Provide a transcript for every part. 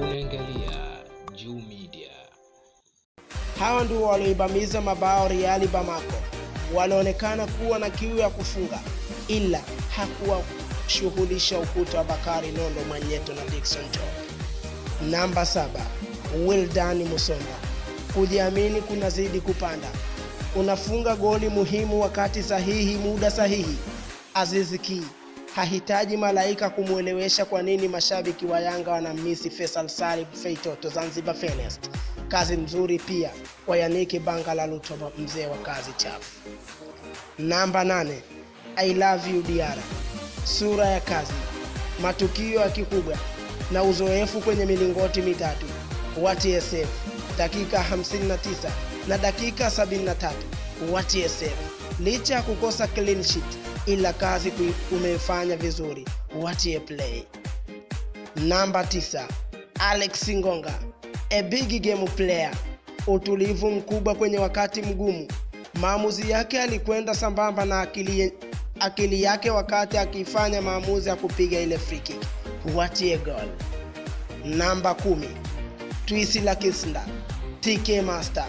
Unaangalia Juu Media. Hawa ndio walioibamiza mabao Real Bamako. Walionekana kuwa na kiu ya kufunga, ila hakuwashughulisha ukuta wa Bakari Nondo Mwanyeto na Dickson Job. Namba saba, Wildan Musonda, kujiamini kunazidi kupanda. Unafunga goli muhimu wakati sahihi, muda sahihi. Aziz Ki hahitaji malaika kumwelewesha kwa nini mashabiki wa Yanga wanamisi Faisal Salib Feitoto Zanzibar Finest. Kazi nzuri pia kwa Yaniki Banga la Lutoba, mzee wa kazi chafu. Namba 8 I love you Diara, sura ya kazi, matukio ya kikubwa na uzoefu kwenye milingoti mitatu wa TSF dakika 59 na dakika 73 wa TSF licha ya kukosa clean sheet, ila kazi umefanya vizuri, watie play. Namba 9 Alex Ngonga, a big game player, utulivu mkubwa kwenye wakati mgumu. Maamuzi yake alikwenda sambamba na akili, akili yake wakati akifanya maamuzi ya kupiga ile free kick, watie goal. Namba 10 la Kisinda, TK Master,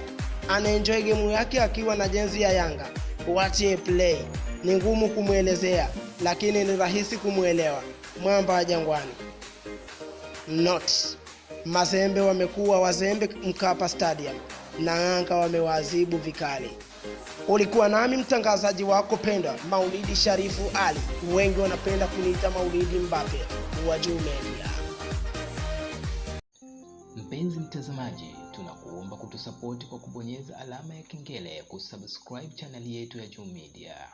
anaenjoy gemu yake akiwa na jezi ya Yanga uachie play. Ni ngumu kumwelezea, lakini ni rahisi kumwelewa. Mwamba wa Jangwani. Not Mazembe wamekuwa wazembe Mkapa Stadium na Yanga wamewaadhibu vikali. Ulikuwa nami mtangazaji wako pendwa Maulidi Sharifu Ali, wengi wanapenda kuniita Maulidi Mbape wa Juu Mpenzi mtazamaji tunakuomba kutusapoti kwa kubonyeza alama ya kengele ya kusubscribe chaneli yetu ya Juu Media.